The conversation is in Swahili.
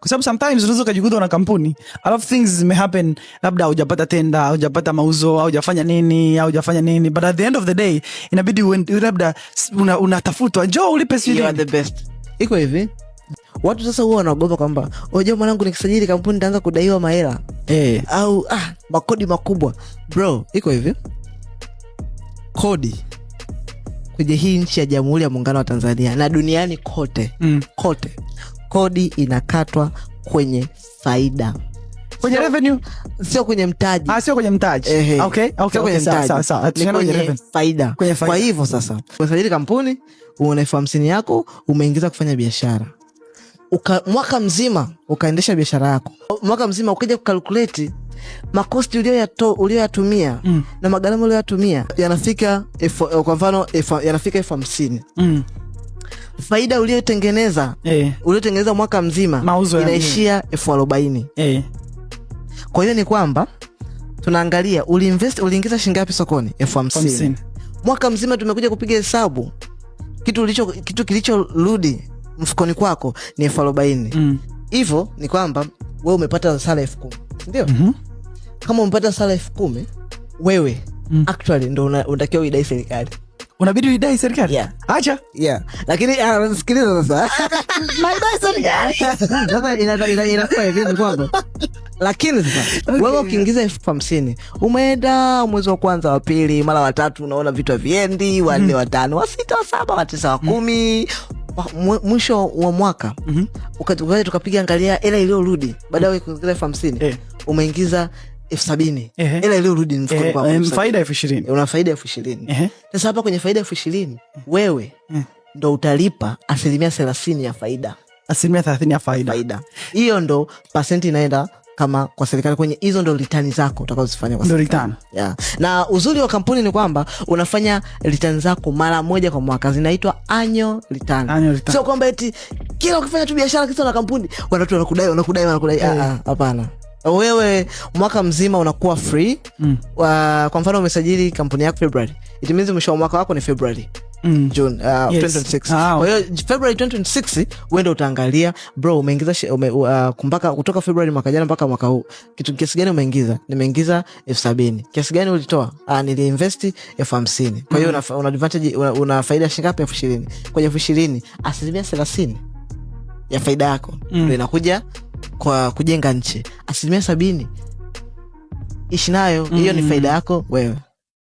kwa sababu sometimes unaweza ukajikuta na kampuni alafu things may happen, labda tenda, mauzo, au nini, au nini, but at the end of the day inabidi labda unatafutwa, ulipe Iko hivi, watu sasa huwa wanaogopa kwamba mwanangu, nikisajili kampuni kudaiwa mahela eh. au ah, makodi makubwa. Bro, iko hivi, kodi kwenye hii nchi ya Jamhuri ya Muungano wa Tanzania na duniani kote mm, kote kodi inakatwa kwenye faida kwenye so, revenue sio kwenye mtaji. Ah, sio kwenye mtaji. Eh, okay, okay, sio kwenye okay, mtaji. Sawa sawa. Ni kwenye revenue. Faida. Kwenye faida. Kwa hivyo sasa, umesajili kampuni, una elfu hamsini yako, umeingiza kufanya biashara. Uka, mwaka mzima ukaendesha biashara yako. Mwaka mzima ukija kukalkuleti makosti ulio uliyoyatumia mm. na magharama ulioyatumia yanafika kwa mfano yanafika elfu hamsini mm faida uliotengeneza eh. uliotengeneza mwaka mzima inaishia elfu arobaini. Eh. kwa hiyo ni kwamba tunaangalia uliingiza shilingi ngapi sokoni? elfu hamsini. Mwaka mzima tumekuja kupiga hesabu, kitu kilicho kitu kilichorudi mfukoni kwako ni elfu arobaini. Hivyo mm. ni kwamba wewe umepata sala elfu kumi ndio? mm -hmm. kama umepata sala elfu kumi wewe mm. actually ndo unatakiwa uidai serikali unabidi uidai serikali lakini sasa wewe ukiingiza elfu hamsini umeenda mwezi wa kwanza wa pili mara watatu, unaona vitu haviendi, wanne mhm. watano wasita wasaba watisa wa mhm. kumi mwisho wa mwaka mm -hmm. Tukapiga angalia hela iliyorudi baada ya mhm. kuingiza elfu hamsini eh. umeingiza elfu sabini hela iliyorudi faida elfu ishirini una faida elfu ishirini Sasa hapa kwenye faida elfu ishirini wewe ndo utalipa asilimia thelathini ya faida, asilimia thelathini ya faida. Hiyo ndo pasenti inaenda kama kwa serikali kwenye hizo ndo ritani zako utakazozifanya kwa serikali. Yeah. Na uzuri wa kampuni ni kwamba unafanya ritani zako mara moja kwa mwaka, zinaitwa anyo ritani Sio kwamba eti kila ukifanya tu biashara kisa na kampuni wanatu wanakudai wanakudai wanakudai, ah, ah, eh. hapana wewe mwaka mzima unakuwa free mm. Uh, kwa mfano umesajili kampuni yako February, it mwisho wa mwaka wako ni February Mm. June uh, yes. 2026. Ah, okay. Kwa February 2026 wewe utaangalia bro, umeingiza ume, uh, kumpaka kutoka February mwaka jana mpaka mwaka huu kitu kiasi gani umeingiza? Nimeingiza elfu sabini. Kiasi gani ulitoa? Ah, niliinvesti elfu hamsini. Kwa hiyo mm. una, una advantage una, una faida shingapi elfu ishirini. Kwenye elfu ishirini asilimia thelathini ya faida yako mm. ndio inakuja kwa kujenga nchi, asilimia sabini ishi nayo hiyo. Mm. Ni faida yako wewe.